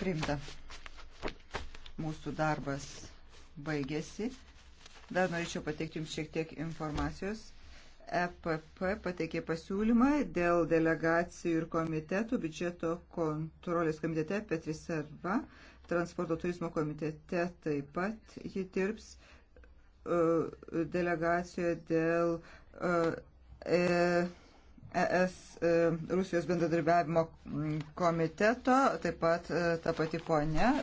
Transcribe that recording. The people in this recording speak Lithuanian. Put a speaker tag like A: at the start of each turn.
A: Primta. Mūsų darbas baigėsi. Dar norėčiau pateikti Jums šiek tiek informacijos. EPP pateikė pasiūlymą dėl delegacijų ir komitetų biudžeto kontrolės komitete Petris Serva, transporto turizmo komitete taip pat ji dirbs e, delegacijoje dėl ES e E, Rusijos bendradarbiavimo komiteto, taip pat e,
B: ta pati ponia.